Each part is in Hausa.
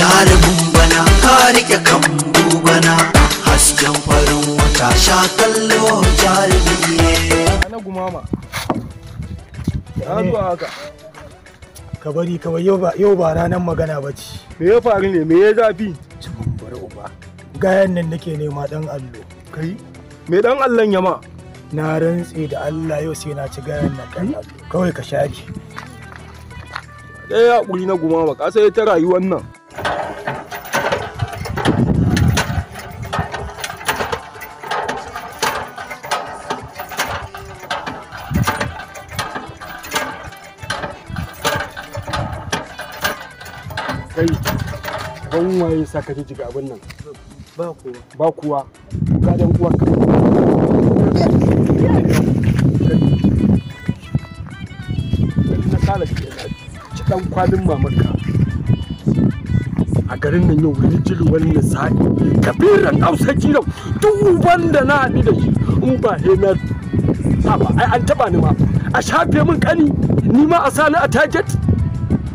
jarumin bana ka rike kan bana hasken farin wata sha kallo na gumama na zuwa haka ka bari kawai yau ba ranar magana ba ce me ya faru ne me ya zafi cikin bari uba gayan nan nake nema dan allo kai me dan allon yama na rantse da allah yau sai na ci gayan nan dan allo kawai ka share ɗaya ya na gumama ka sai ta rayuwar nan kai ban waye sa ka jijjiga abin nan ba kuwa ba kuwa ga dan uwar ka na kala na ci dan kwalin mamanka a garin nan yau rijil wannan sa'i kabiran hausa kiran duk wanda na haɗu da shi in ba hemar ai an taba ni ma a shafe min kani ni ma a sani a target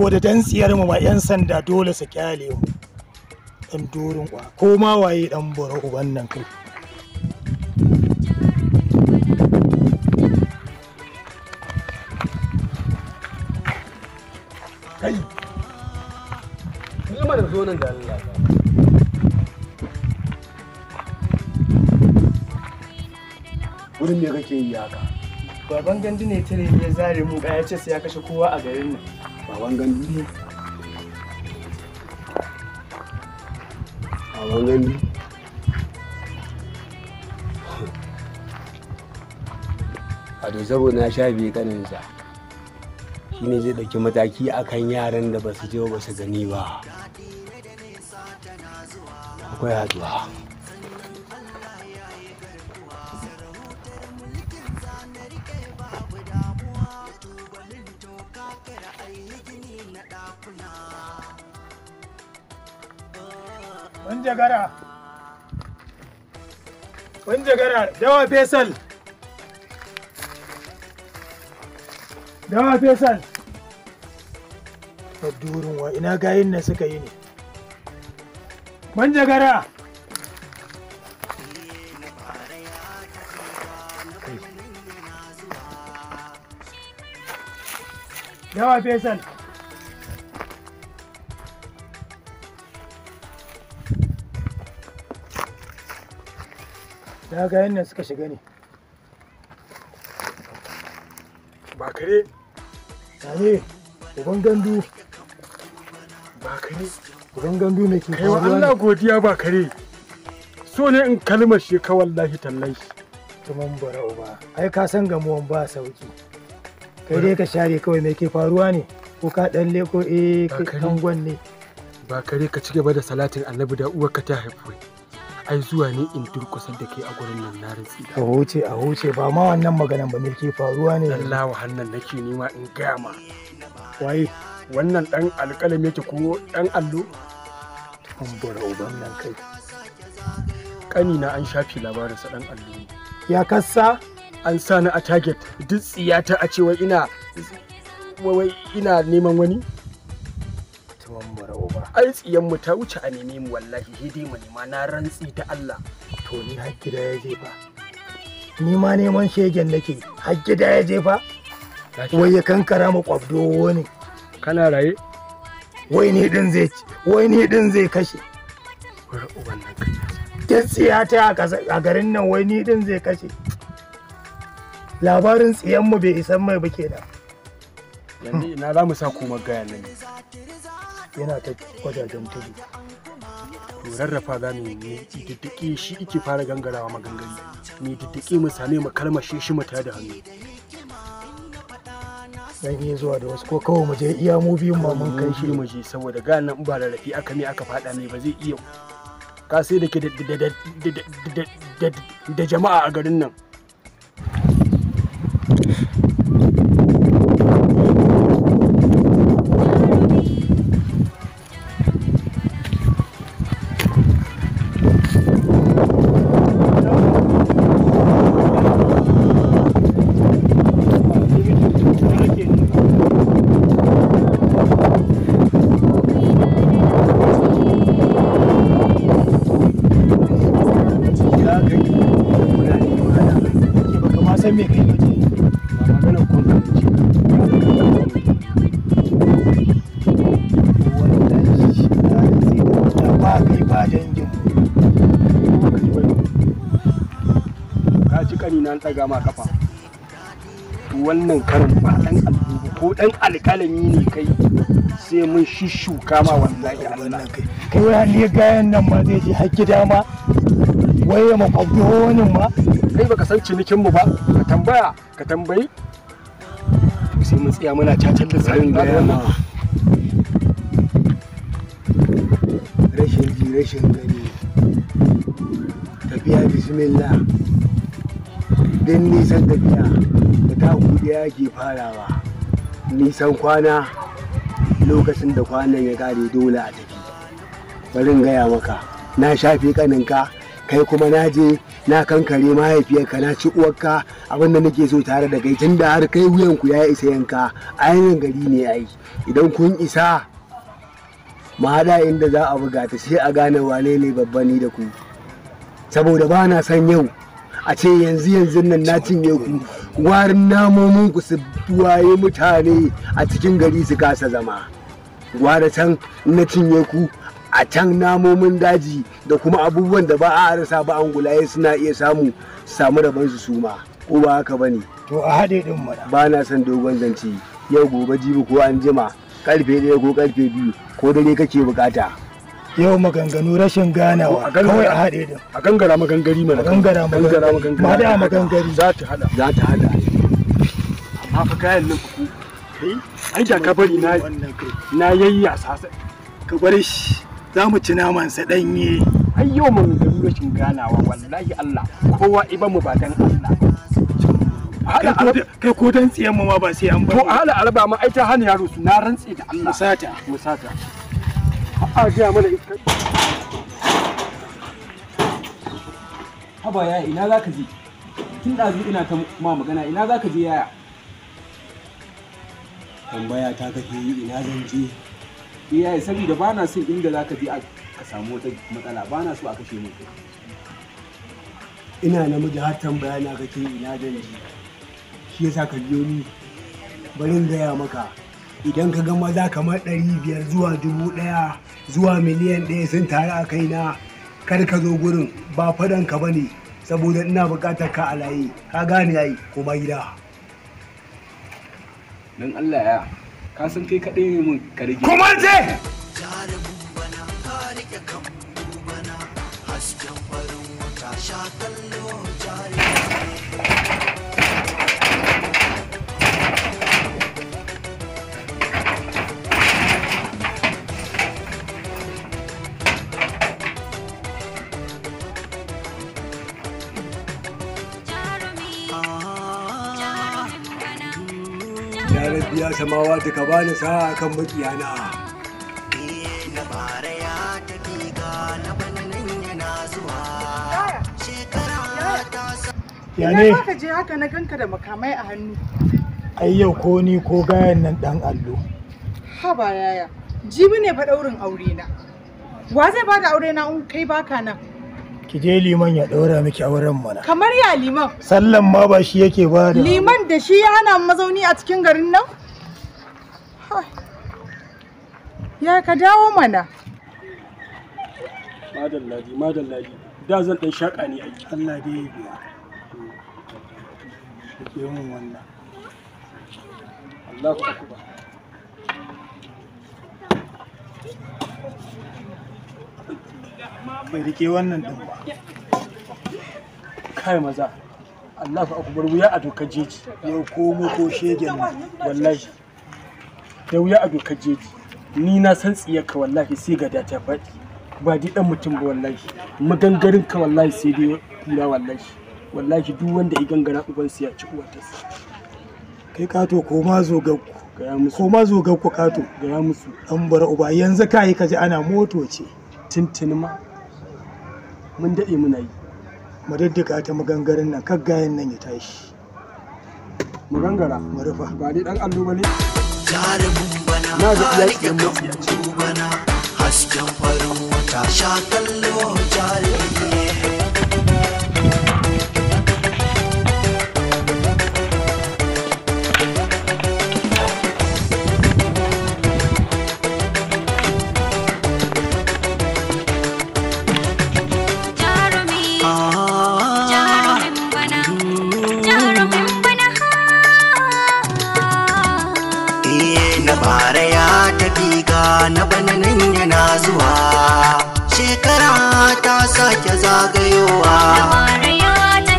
saboda dan tsiyar mu ba yan sanda dole su kyale mu dan dorin kwa ko ma waye dan boro uban nan kai kai kuma da zo nan da Allah wurin me kake yi haka baban gandu ne tare ya zare mu ya ce sai ya kashe kowa a garin nan baban gandu baban gandu wato saboda na sha biyu kaninsa Shi ne zai ɗauki mataki akan yaran da ba su je ba su gani ba akwai haduwa Banjagara. Banjagara, dawa fesal. Dawa fesal. Fadurin wa ina gayin na suka yi ne. Banjagara. Dawa Faisal. na ga yadda suka shiga ne ba kare kare uban gandu ba kare uban gandu ne ke kaiwa Allah godiya ba kare so ne in kalmar shi ka wallahi tallahi tuman bara uba ai ka san gamuwan ba sauki kai dai ka share kawai me ke faruwa ne ko ka dan leko eh kangon ne ba kare ka ci gaba da salatin annabi da uwarka ta haifu ai zuwa ne in durkusa da ke a gurin nan na rantsi a huce a huce ba ma wannan maganan ba me faruwa ne Allah hannan nake nima in gaya ma waye wannan dan alƙalami yake ko dan allo an bora uban nan kai kani na an shafi sa dan allo ya kassa an sa ni a target duk tsiyata a cewa ina wai ina neman wani tuwon marau ba ai tsiyan mu ta wuce a neme mu wallahi hidi ne ma na rantsi da Allah to ni har gida ya je fa ni ma neman shegen nake har gida ya je fa wai ya kankara mu kwabdo ne kana raye wai ni din zai wai ni din zai kashe ta tsiya ta a garin nan wai ni din zai kashe labarin tsiyan mu bai isan mai ba kenan yanzu ina za mu sa kuma gayan nan yana ta gwadajen tudu to rarrafa za mu yi diddiki shi ike fara gangarawa maganganu ni diddiki mu same mu kalmashe shi mu tare da hannu zan iya zuwa da wasu ko kawai mu je iya mu biyun ma mun kai shi mu je saboda ga nan ba rarrafi aka ne aka fada ne ba zai iya ka sai da ke da jama'a a garin nan na ɗaga ma kafa wannan karin ba ɗan ko dan alƙalami ne kai sai mun shishuka ma wallahi Allah kai kai wani gayan nan ma zai je har gida ma waye ma wani ma kai baka san cinikin mu ba ka tambaya ka tambayi sai mun tsaya muna cacar da tsarin da nan rashin ji rashin gani tafiya bismillah idan nisan tafiya da taku ya ke farawa nisan kwana lokacin da kwanan ya kare dole a tafi barin gaya maka na shafe kaninka kai kuma na je na kankare mahaifiyarka na ci uwarka abinda nake so tare da kai da har kai wuyanku ya isa yanka ainihin gari ne ai idan kun isa mahaɗa haɗa inda za a buga ta sai a gane wane ne babba ni da ku saboda ba na son yau a ce yanzu yanzu nan na cinye ku warin namomin ku su waye mutane a cikin gari su kasa zama gwara can na cinye ku a can namomin daji da kuma abubuwan da ba a rasa ba angulaye suna iya samu samu rabon su suma ko ba haka ne to a haɗe ɗin mana ba na son dogon zance yau gobe jibi ko an jima karfe ɗaya ko karfe biyu ko dare kake bukata yau maganganu rashin ganawa kawai a haɗe da a gangara magangari mana gangara magangari ma da magangari za ta hada za ta hada amma fa kayan nan ku kai ai da ka bari na na yayya sasa ka bar shi za mu ci naman sa danye ai yau maganganu rashin ganawa wallahi Allah kowa iba mu ba dan Allah kai ko dan tsiyan mu ma ba sai an ba to hala alba ma ai ta hana yaro su na rantsi da Allah musata musata a gaya mana iska haba yaya ina za ka je Kin ɗazu ina ta ma magana ina za ka je yaya tambaya ta kake yi ina zan je eh, yaya saboda ba na son inda za ka je a samu wata matsala ba na so a kashe mutum ina namiji har tambaya na kake ina zan je shi yasa ka biyo ni bari in gaya maka idan ka ga maza kamar ɗari biyar zuwa dubu ɗaya zuwa miliyan ɗaya sun taru a kaina kar ka zo gurin ba fadan ka bane saboda ina buƙatar ka a layi ka gane yayi kuma gida dan Allah ya ka san kai kaɗai ne mun ka gida. kuma ce biya samawa ta ka bani sa'a kan makiyana na ya ka je haka na ganka da makamai a hannu ai yau ko ni ko gayan nan dan allo ba yaya jibi ne fa daurin aure na wa zai bada aure na in kai baka nan ki je liman ya ɗaura miki auren mana kamar ya liman sallan ma ba shi yake ba da liman da shi ya hana mazauni a cikin garin nan ya ka dawo mana madallaji madallaji da zan ɗan shaƙa ne yi Allah da ya biya ke mun wannan ku akbar bai rike wannan din ba kai maza Allahu akubar wuya a dokar jeji yau komo ko shegen nan wallahi da wuya a dokar jeji ni na san ka wallahi sai ga da ta faɗi ba di dan mutum ba wallahi magangarin ka wallahi sai dai kula wallahi wallahi duk wanda ya gangara uban sa ya ci uwatarsa kai kato ko ma zo ga gaya musu ko ma zo ga ku kato gaya musu an bar uba yanzu kai ka ji ana moto ce tintin ma mun daɗe muna yi madaddaka ta magangarin nan kaggayen nan ya tashi magangara marufa ba dai dan allo bane na ga iyayen mafiya hasken farin wata sha kallo jari na bana nan yana zuwa shekara ta sake zagayowa